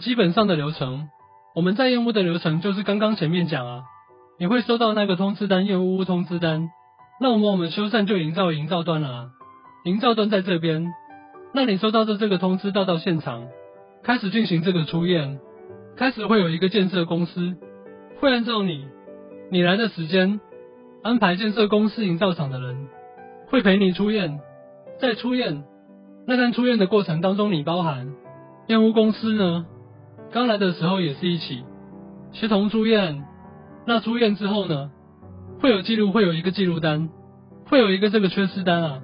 基本上的流程，我們在驗屋的流程就是剛剛前面講啊，你會收到那個通知單，驗屋屋通知單。那我們我們修繕就營造營造端了啊，營造端在這邊。那你收到這這個通知到到現場，開始進行這個初驗，開始會有一個建設公司，會按照你你來的時間安排建設公司營造廠的人，會陪你初驗。在初驗，那在初驗的過程當中，你包含驗屋公司呢，剛來的時候也是一起，協同驗屋。那驗屋之後呢？會有記錄，會有一個記錄單，會有一個這個缺失單啊。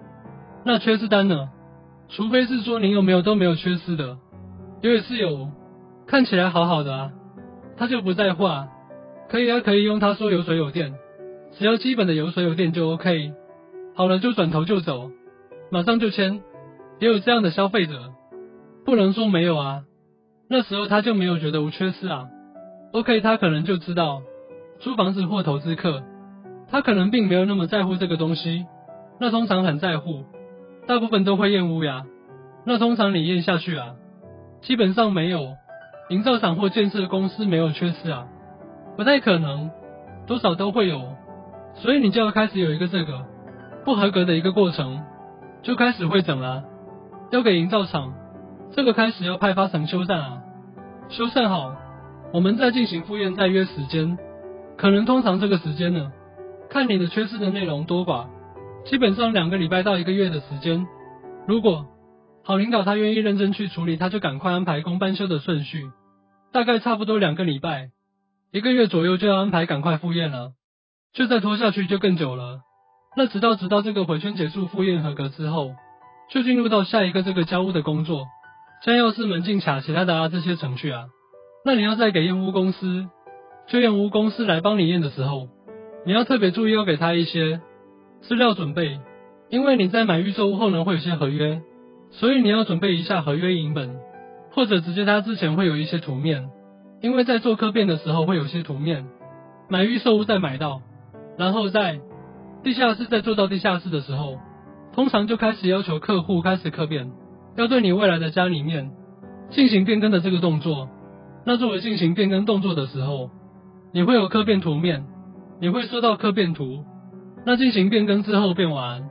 那缺失單呢？除非是說您有沒有都沒有缺失的，有也，也是有，看起來好好的啊，他就不在乎啊，可以啊，可以用他說有水有電，只要基本的有水有電就 OK。好了就轉頭就走，馬上就簽，也有這樣的消費者，不能說沒有啊。那時候他就沒有覺得無缺失啊，OK，他可能就知道租房子或投資客，他可能並沒有那麼在乎這個東西，那通常很在乎，大部分都會驗屋呀。那通常你驗下去啊，基本上沒有，營造廠或建設公司沒有缺失啊，不太可能，多少都會有，所以你就要開始有一個這個不合格的一個過程，就開始會整了、啊，交給營造廠。這個開始要派發廠修繕啊，修繕好，我們再進行複驗，再約時間。可能通常這個時間呢，看你的缺失的內容多寡，基本上兩個禮拜到一個月的時間。如果好領導他願意認真去處理，他就趕快安排工班修的順序，大概差不多兩個禮拜，一個月左右就要安排趕快複驗了。就再拖下去就更久了。那直到直到這個迴圈結束複驗合格之後，就進入到下一個這個交屋的工作。像鑰匙、門禁卡，其他的啊這些程序啊，那你要在給驗屋公司，就驗屋公司來幫你驗的時候，你要特別注意要給他一些資料準備，因為你在買預售屋後呢會有些合約，所以你要準備一下合約影本，或者直接他之前會有一些圖面，因為在做客變的時候會有些圖面，買預售屋再買到，然後在地下室在做到地下室的時候，通常就開始要求客戶開始客變。要對你未來的家裡面進行變更的這個動作，那作為進行變更動作的時候，你會有客變圖面，你會收到客變圖。那進行變更之後，變完，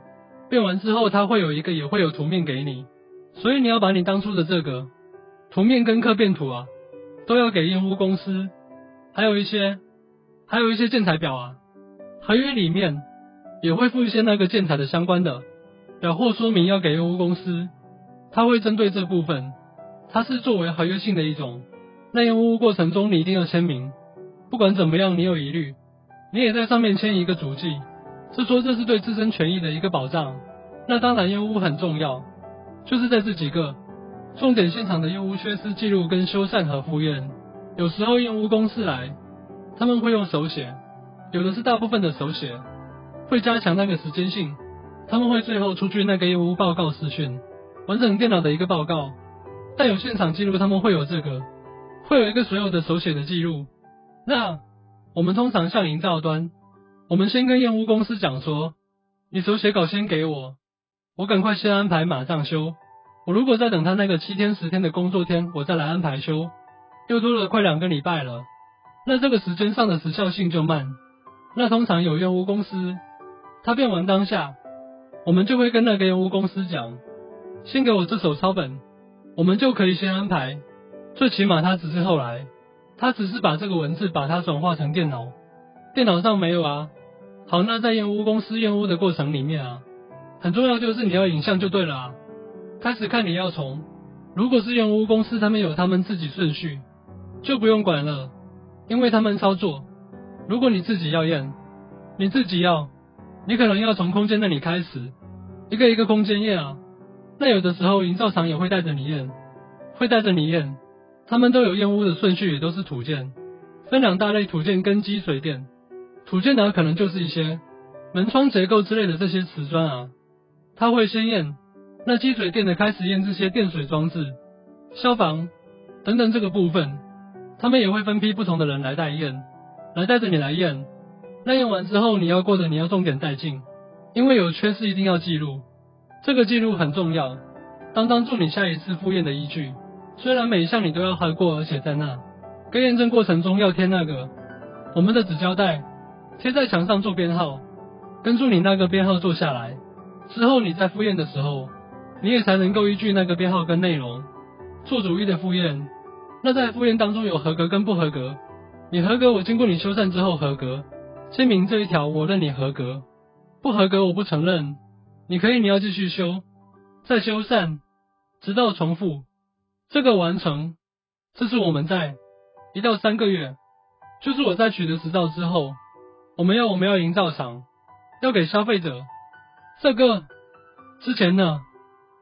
變完之後它會有一個，也會有圖面給你。所以你要把你當初的這個圖面跟客變圖啊，都要給驗屋公司，還有一些，還有一些建材表啊，合約裡面也會附一些那個建材的相關的表或說明要給驗屋公司。他會針對這部分，它是作為合約性的一種。那驗屋過程中你一定要簽名，不管怎麼樣你有疑慮，你也在上面簽一個足跡，是說這是對自身權益的一個保障。那當然驗屋很重要，就是在這幾個重點現場的驗屋缺失記錄跟修繕和複驗。有時候驗屋公司來，他們會用手寫，有的是大部分的手寫，會加強那個時間性，他們會最後出具那個驗屋報告試訊。完整電腦的一個報告，但有現場記錄，他們會有這個，會有一個所有的手寫的記錄。那我們通常向營造端，我們先跟驗屋公司講說，你手寫稿先給我，我趕快先安排馬上修。我如果再等他那個七天十天的工作天，我再來安排修，又多了快兩個禮拜了，那這個時間上的時效性就慢。那通常有驗屋公司，他驗完當下，我們就會跟那個驗屋公司講。先給我這手抄本，我們就可以先安排。最起碼他只是後來，他只是把這個文字把它轉化成電腦，電腦上沒有啊。好，那在驗屋公司驗屋的過程裡面啊，很重要就是你要影像就對了啊。開始看你要從，如果是驗屋公司他們有他們自己順序，就不用管了，因為他們操作。如果你自己要驗，你自己要，你可能要從空間那裡開始，一個一個空間驗啊。但有的時候，營造廠也會帶着你驗，會帶着你驗。他們都有驗屋的順序，也都是土建，分兩大類，土建跟積水電。土建的可能就是一些門窗結構之類的這些瓷磚啊，他會先驗；那積水電的開始驗這些電水裝置、消防等等這個部分，他們也會分批不同的人來帶驗，來帶着你來驗。那驗完之後，你要過的你要重點帶進，因為有缺失一定要記錄。這個記錄很重要，當當助你下一次複驗的依據。雖然每一項你都要核過，而且在那跟驗證過程中要貼那個我們的紙膠帶，貼在牆上做編號，跟住你那個編號做下來。之後你在複驗的時候，你也才能夠依據那個編號跟內容做逐一的複驗。那在複驗當中有合格跟不合格，你合格，我經過你修繕之後合格，簽名這一條我認你合格，不合格我不承認。你可以，你要繼續修，再修繕，直到重複這個完成。這是我們在一到三個月，就是我在取得執照之後，我們要我們要營造廠要給消費者這個之前呢，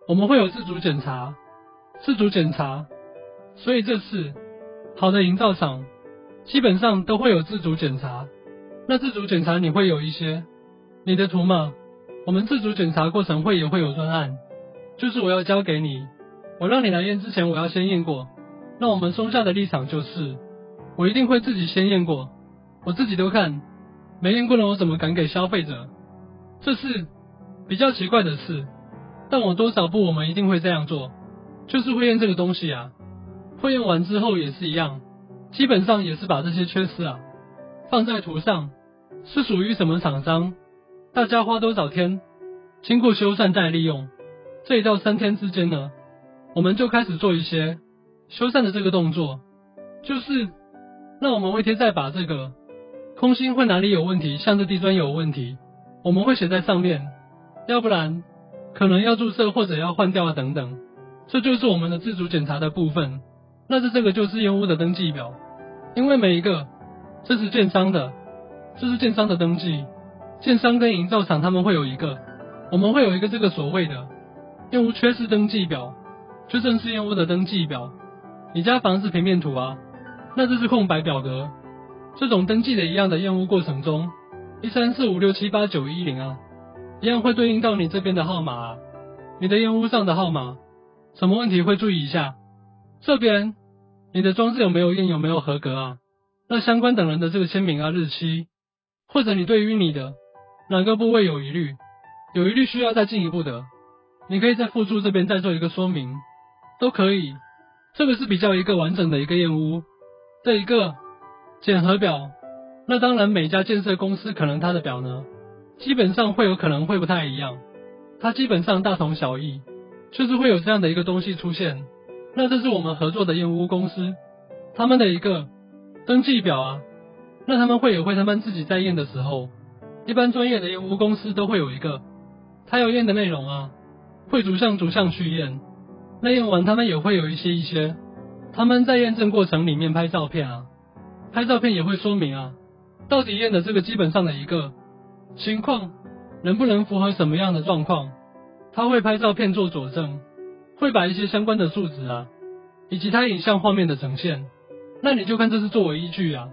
我們會有自主檢查，自主檢查，所以這次好的營造廠基本上都會有自主檢查。那自主檢查你會有一些你的圖碼。我們自主檢查過程會也會有專案，就是我要交給你，我讓你來驗之前，我要先驗過。那我們松下的立場就是，我一定會自己先驗過，我自己都看，沒驗過了我怎麼敢給消費者？這是比較奇怪的事，但我多少步我們一定會這樣做，就是會驗這個東西啊，會驗完之後也是一樣，基本上也是把這些缺失啊放在圖上，是屬於什麼廠商？大家花多少天？經過修繕再利用，這一到三天之間呢，我們就開始做一些修繕的這個動作，就是那我們會貼在把這個空心會哪裡有問題，像這地磚有問題，我們會寫在上面，要不然可能要注射或者要換掉啊等等，這就是我們的自主檢查的部分。那是這，這個就是煙霧的登記表，因為每一個這是建商的，這是建商的登記。建商跟營造廠他們會有一個，我們會有一個這個所謂的驗屋缺失登記表，缺失驗屋的登記表。你家房子平面圖啊，那這是空白表格。這種登記的一樣的驗屋過程中，一三四五六七八九一零啊，一樣會對應到你這邊的號碼啊，你的驗屋上的號碼。什麼問題會注意一下？這邊你的裝置有沒有驗有沒有合格啊？那相關等人的這個簽名啊、日期，或者你對於你的。哪個部位有疑慮？有疑慮需要再進一步的，你可以在附注這邊再做一個說明，都可以。這個是比較一個完整的一個驗屋的一個檢核表。那當然，每家建設公司可能它的表呢，基本上會有可能會不太一樣，它基本上大同小異，就是會有這樣的一個東西出現。那這是我們合作的驗屋公司他們的一個登記表啊，那他們會有，會他們自己在驗的時候。一般專業的驗屋公司都會有一個，他要驗的內容啊，會逐項逐項去驗。那驗完他們也會有一些一些，他們在驗證過程裡面拍照片啊，拍照片也會說明啊，到底驗的這個基本上的一個情況能不能符合什麼樣的狀況，他會拍照片做佐證，會把一些相關的數值啊，以及他影像畫面的呈現，那你就看這是作為依據啊。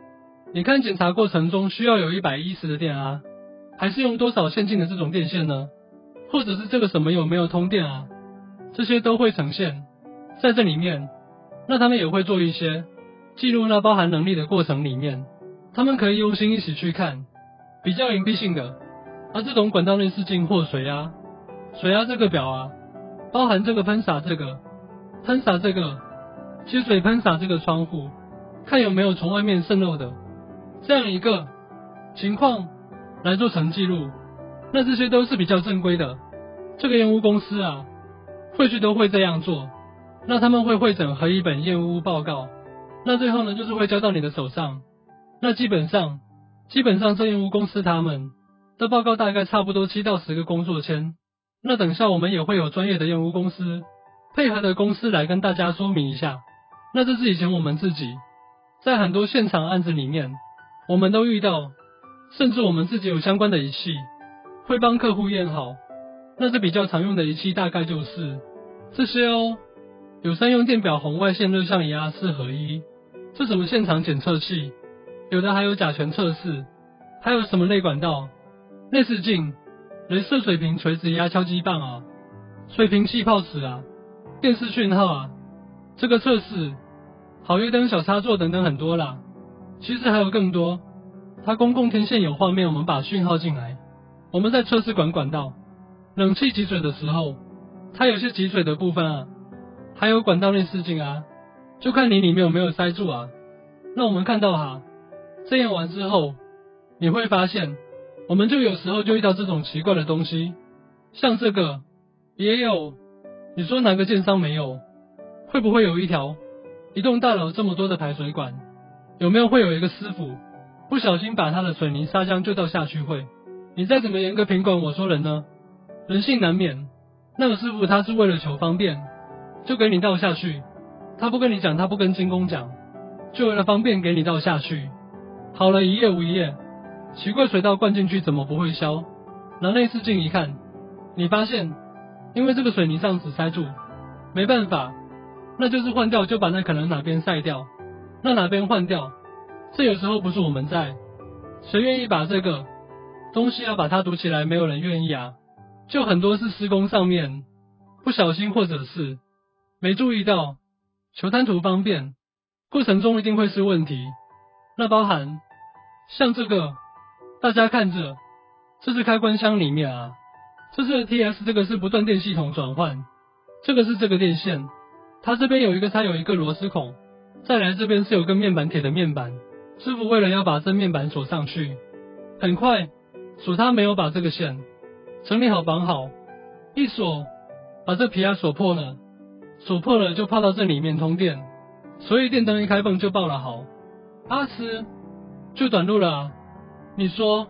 你看檢查過程中需要有一百一十的電壓啊。還是用多少線徑的這種電線呢？或者是這個什麼有沒有通電啊？這些都會呈現在這裡面。那他們也會做一些記錄，那包含能力的過程裡面，他們可以用心一起去看，比較隱蔽性的。而、啊、這種管道內視鏡或水壓、啊，水壓、啊、這個表啊，包含這個噴灑這個，噴灑這個接水噴灑這個窗戶，看有沒有從外面滲漏的這樣一個情況。來做成記錄，那這些都是比較正規的。這個驗屋公司啊，會去都會這樣做。那他們會會整合一本驗屋報告，那最後呢，就是會交到你的手上。那基本上，基本上這驗屋公司他們的報告大概差不多七到十個工作天。那等下我們也會有專業的驗屋公司配合的公司來跟大家說明一下。那這是以前我們自己在很多現場案子裡面，我們都遇到。甚至我們自己有相關的儀器，會幫客戶驗好。那這比較常用的儀器大概就是這些哦。有三用電表、紅外線熱像儀、啊、四合一，這是什麼現場檢測器？有的還有甲醛測試，還有什麼內管道、內視鏡、鐳射水平錘子、壓敲擊棒啊，水平氣泡紙啊，電視訊號啊，這個測試、好月燈、小插座等等很多啦。其實還有更多。它公共天線有畫面，我們把訊號進來。我們在測試管管道冷氣積水的時候，它有些積水的部分啊，還有管道內視鏡啊，就看你裡面有沒有塞住啊。那我們看到哈、啊，試驗完之後，你會發現，我們就有時候就遇到這種奇怪的東西，像這個也有，你說哪個建商沒有？會不會有一條一棟大樓這麼多的排水管，有沒有會有一個師傅？不小心把他的水泥砂漿就倒下去會，你再怎麼嚴格品管，我說人呢，人性難免。那個師傅他是為了求方便，就給你倒下去，他不跟你講，他不跟監工講，就為了方便給你倒下去。好了一夜無一夜，奇怪，水倒灌進去怎麼不會消？拿內視鏡一看，你發現因為這個水泥上只塞住，沒辦法，那就是換掉，就把那可能哪邊塞掉，那哪邊換掉？這有時候不是我們在，誰願意把這個東西要把它堵起來？沒有人願意啊。就很多是施工上面不小心，或者是沒注意到，求貪圖方便，過程中一定會是問題。那包含像這個，大家看着，這是開關箱裡面啊，這是 TS 這個是不斷電系統轉換，這個是這個電線，它這邊有一個它有一個螺絲孔，再來這邊是有個面板鐵的面板。師傅為了要把這面板鎖上去，很快鎖，他沒有把這個線整理好綁好，一鎖把這皮壓、啊、鎖破了，鎖破了就泡到這裡面通電，所以電燈一開泵就爆了。好，阿師就短路了，啊。你說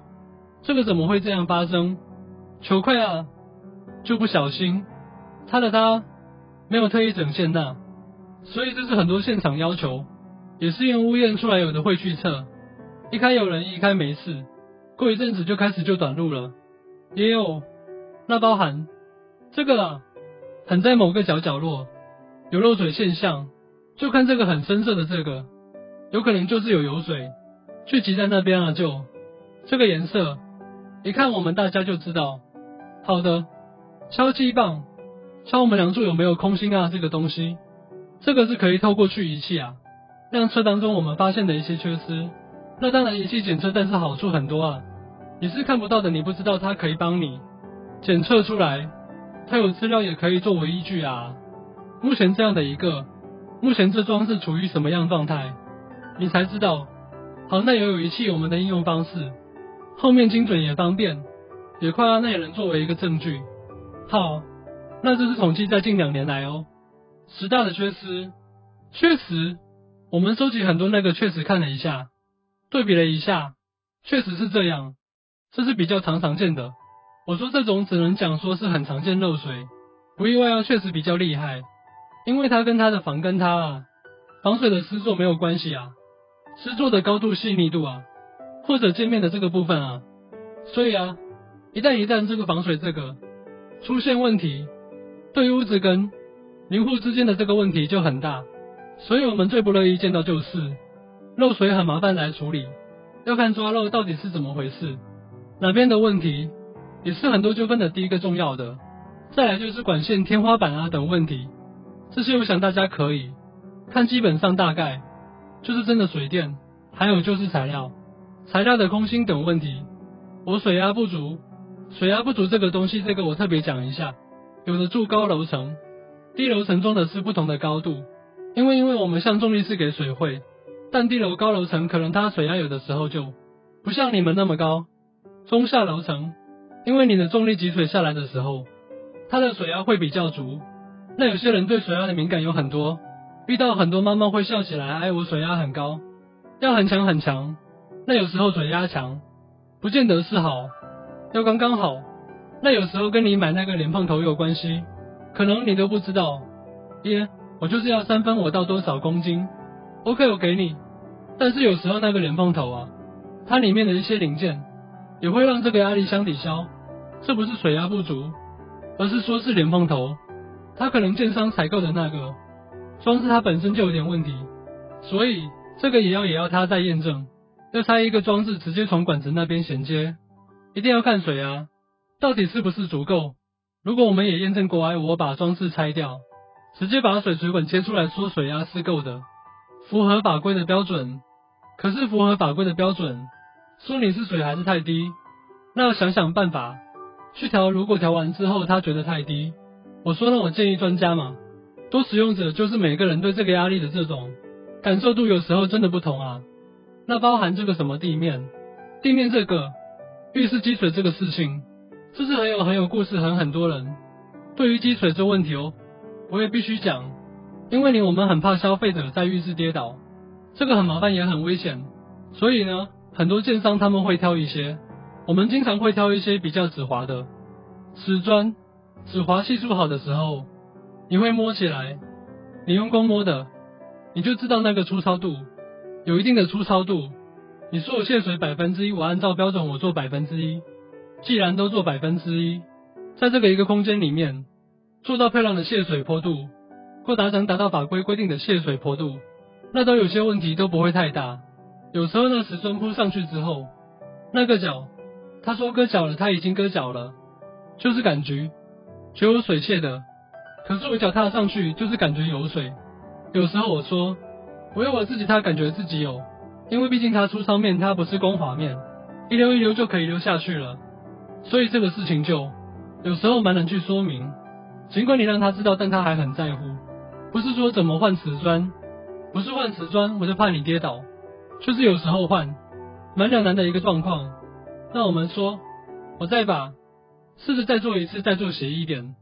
這個怎麼會這樣發生？求快啊，就不小心，他的他沒有特意整線那，所以這是很多現場要求。也是驗屋驗出來，有的會去測，一開有人，一開沒事，過一陣子就開始就短路了。也有那包含這個啦、啊，很在某個角角落有漏水現象，就看這個很深色的這個，有可能就是有油水聚集在那邊啊就，就這個顏色，一看我們大家就知道。好的，敲擊棒，敲我們梁柱有沒有空心啊？這個東西，這個是可以透過去儀器啊。量測當中，我們發現的一些缺失。那當然儀器檢測，但是好處很多啊，你是看不到的，你不知道它可以幫你檢測出來，它有資料也可以作為依據啊。目前這樣的一個，目前這裝置處於什麼樣狀態，你才知道。好，那也有有儀器，我們的應用方式，後面精準也方便，也快啊，那也能作為一個證據。好，那這是統計在近兩年來哦，十大的缺失，確實。我們收集很多那個，確實看了一下，對比了一下，確實是這樣，這是比較常常見的。我說這種只能講說是很常見漏水，不意外啊，確實比較厲害，因為它跟它的防跟它啊防水的施作沒有關係啊，施作的高度細密度啊，或者界面的這個部分啊，所以啊，一旦一旦這個防水這個出現問題，對於屋子跟鄰戶之間的這個問題就很大。所以我們最不樂意見到就是漏水很麻煩來處理，要看抓漏到底是怎麼回事，哪邊的問題，也是很多糾紛的第一個重要的。再來就是管線天花板啊等問題，這些我想大家可以看基本上大概，就是真的水電，還有就是材料，材料的空心等問題。我水壓不足，水壓不足這個東西，這個我特別講一下，有的住高樓層，低樓層裝的是不同的高度。因為因為我們像重力式給水會，但低樓高樓層可能它水壓有的時候就不像你們那麼高，中下樓層，因為你的重力擠水下來的時候，它的水壓會比較足。那有些人對水壓的敏感有很多，遇到很多媽媽會笑起來，哎，我水壓很高，要很強很強。那有時候水壓強，不見得是好，要剛剛好。那有時候跟你買那個蓮蓬頭有關係，可能你都不知道，耶、yeah.。我就是要三分，我到多少公斤？OK，我給你。但是有時候那個蓮蓬頭啊，它裡面的一些零件也會讓這個壓力相抵消。這不是水壓不足，而是說是蓮蓬頭，它可能建商採購的那個裝置它本身就有點問題，所以這個也要也要它再驗證。要拆一個裝置直接從管子那邊銜接，一定要看水壓到底是不是足夠。如果我們也驗證過來，我把裝置拆掉。直接把水水管切出來，說水壓是夠的，符合法規的標準。可是符合法規的標準，說你是水還是太低，那要想想辦法去調。如果調完之後他覺得太低，我說那我建議專家嘛。多使用者就是每個人對這個壓力的這種感受度，有時候真的不同啊。那包含這個什麼地面，地面這個浴室積水這個事情，這是很有很有故事，很很多人對於積水這問題哦。我也必須講，因為你我們很怕消費者在浴室跌倒，這個很麻煩也很危險，所以呢，很多建商他們會挑一些，我們經常會挑一些比較止滑的瓷磚，止滑係數好的時候，你會摸起來，你用光摸的，你就知道那個粗糙度，有一定的粗糙度，你說我洩水百分之一，我按照標準我做百分之一，既然都做百分之一，在這個一個空間裡面。做到漂亮的洩水坡度，或達成達到法規規定的洩水坡度，那都有些問題都不會太大。有時候呢，瓷磚鋪上去之後，那個腳，他說割腳了，他已經割腳了，就是感覺，就有水洩的。可是我腳踏上去，就是感覺有水。有時候我說，我要我自己他感覺自己有，因為畢竟它粗糙面，它不是光滑面，一溜一溜就可以溜下去了。所以這個事情就有時候蠻難去說明。儘管你讓他知道，但他還很在乎。不是說怎麼換瓷磚，不是換瓷磚，我就怕你跌倒。就是有時候換，蠻兩難的一個狀況。那我們說，我再把，試著再做一次，再做斜一點。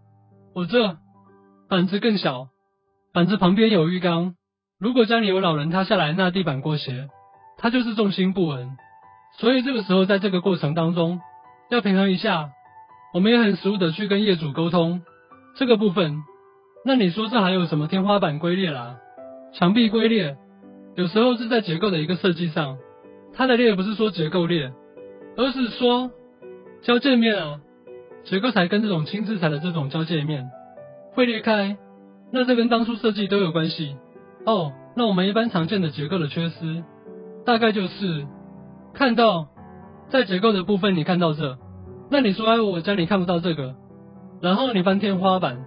我這板子更小，板子旁邊有浴缸。如果家裡有老人塌下來，那地板過斜，他就是重心不穩。所以這個時候，在這個過程當中，要平衡一下。我們也很實務的去跟業主溝通。這個部分，那你說這還有什麼天花板龜裂啦、啊，牆壁龜裂，有時候是在結構的一個設計上，它的裂不是說結構裂，而是說交界面啊，結構材跟這種輕質材的這種交界面會裂開，那這跟當初設計都有關係。哦、oh，那我們一般常見的結構的缺失，大概就是看到在結構的部分，你看到這，那你說哎，我家裡看不到這個。然後你翻天花板，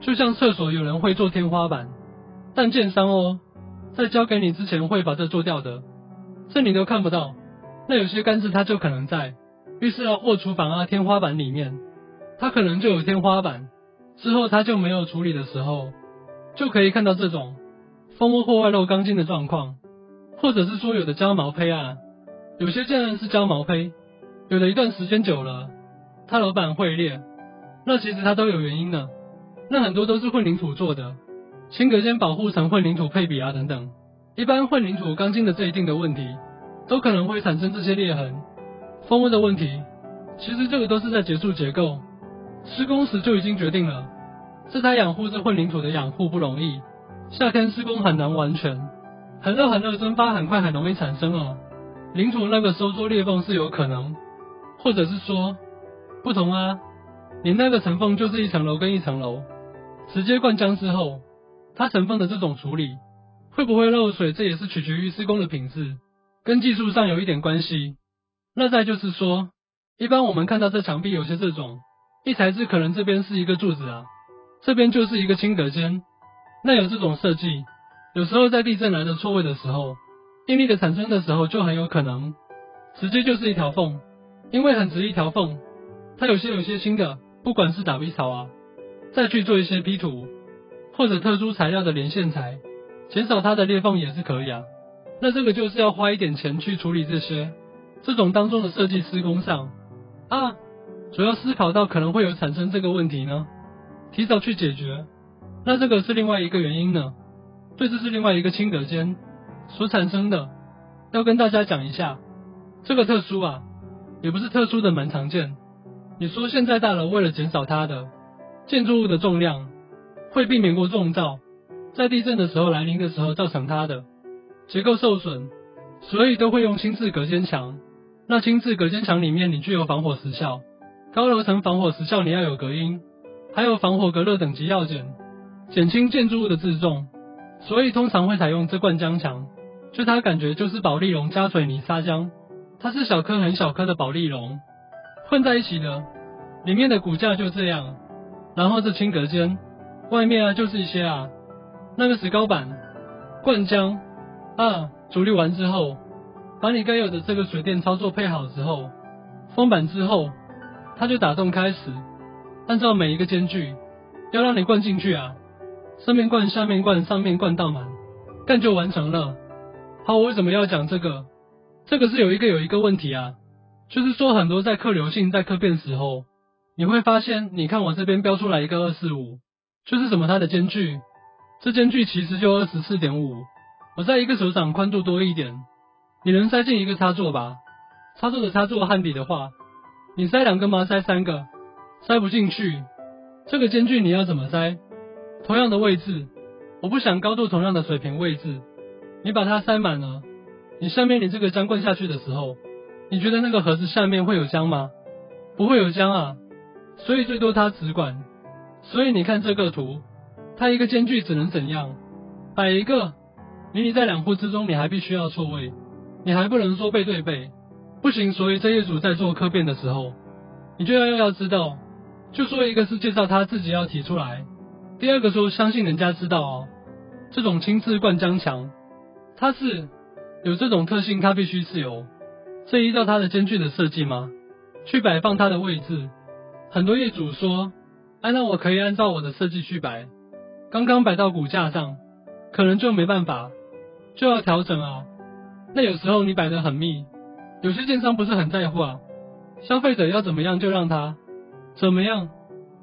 就像廁所有人會做天花板，但建商哦，在交給你之前會把這做掉的，這你都看不到。那有些干字它就可能在，浴室啊或廚房啊天花板裡面，它可能就有天花板。之後它就沒有處理的時候，就可以看到這種蜂窩或外露鋼筋的狀況，或者是說有的膠毛胚啊，有些竟然是膠毛胚，有的一段時間久了，它樓板會裂。那其實它都有原因的，那很多都是混凝土做的，芯隔間保護層混凝土配比啊等等，一般混凝土鋼筋的這一定的問題，都可能會產生這些裂痕，蜂窩的問題，其實這個都是在結束結構施工時就已經決定了，這台養護這混凝土的養護不容易，夏天施工很難完全，很熱很熱蒸發很快很容易產生哦，混凝土那個收縮裂縫是有可能，或者是說不同啊。年代的層縫就是一層樓跟一層樓直接灌漿之後，它層縫的這種處理會不會漏水，這也是取決於施工的品質，跟技術上有一點關係。那再就是說，一般我們看到這牆壁有些這種異材質，可能這邊是一個柱子啊，這邊就是一個輕隔間，那有這種設計，有時候在地震來的錯位的時候，應力的產生的時候就很有可能直接就是一條縫，因為很直一條縫，它有些有些新的。不管是打 b 槽啊，再去做一些批土，或者特殊材料的連線材，減少它的裂縫也是可以啊。那這個就是要花一點錢去處理這些，這種當中的設計施工上啊，主要思考到可能會有產生這個問題呢，提早去解決。那這個是另外一個原因呢，對，這是另外一個輕隔間所產生的，要跟大家講一下，這個特殊啊，也不是特殊的，蠻常見。你說現在大樓為了減少它的建築物的重量，會避免過重造，在地震的時候來臨的時候造成它的結構受損，所以都會用輕質隔間牆。那輕質隔間牆裡面，你具有防火時效，高樓層防火時效你要有隔音，還有防火隔熱等級要減，減輕建築物的自重，所以通常會採用這灌漿牆，就它感覺就是保麗龍加水泥砂漿，它是小顆很小顆的保麗龍。混在一起的，裡面的骨架就這樣，然後是輕隔間，外面啊就是一些啊那個石膏板灌漿啊，處理完之後，把你該有的這個水電操作配好之後，封板之後，它就打洞開始，按照每一個間距要讓你灌進去啊，上面灌下面灌上面灌到滿，乾就完成了。好，我為什麼要講這個？這個是有一個有一個問題啊。就是說很多在客流性在客變時候，你會發現，你看我這邊標出來一個二四五，就是什麼它的間距，這間距其實就二十四點五，我在一個手掌寬度多一點，你能塞進一個插座吧？插座的插座焊底的話，你塞兩個嘛，塞三個，塞不進去，這個間距你要怎麼塞？同樣的位置，我不想高度同樣的水平位置，你把它塞滿了，你下面你這個將棍下去的時候。你覺得那個盒子下面會有漿嗎？不會有漿啊，所以最多它只管。所以你看這個圖，它一個間距只能怎樣？擺一個，你在兩戶之中，你還必須要錯位，你還不能說背對背，不行。所以這業主在做客變的時候，你就要要知道，就說一個是介紹他自己要提出來，第二個說相信人家知道哦，這種輕質灌漿牆，它是有這種特性，它必須自由。這依照它的間距的設計嗎？去擺放它的位置。很多業主說，按、啊、照我可以按照我的設計去擺。剛剛擺到骨架上，可能就沒辦法，就要調整啊。那有時候你擺得很密，有些建商不是很在乎啊。消費者要怎麼樣就讓它，怎麼樣，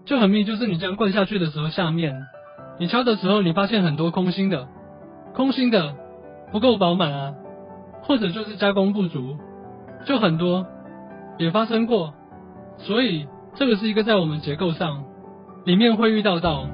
就很密。就是你這樣灌下去的時候，下面你敲的時候，你發現很多空心的，空心的不夠飽滿啊，或者就是加工不足。就很多，也發生過，所以這個是一個在我們結構上，裡面會遇到到。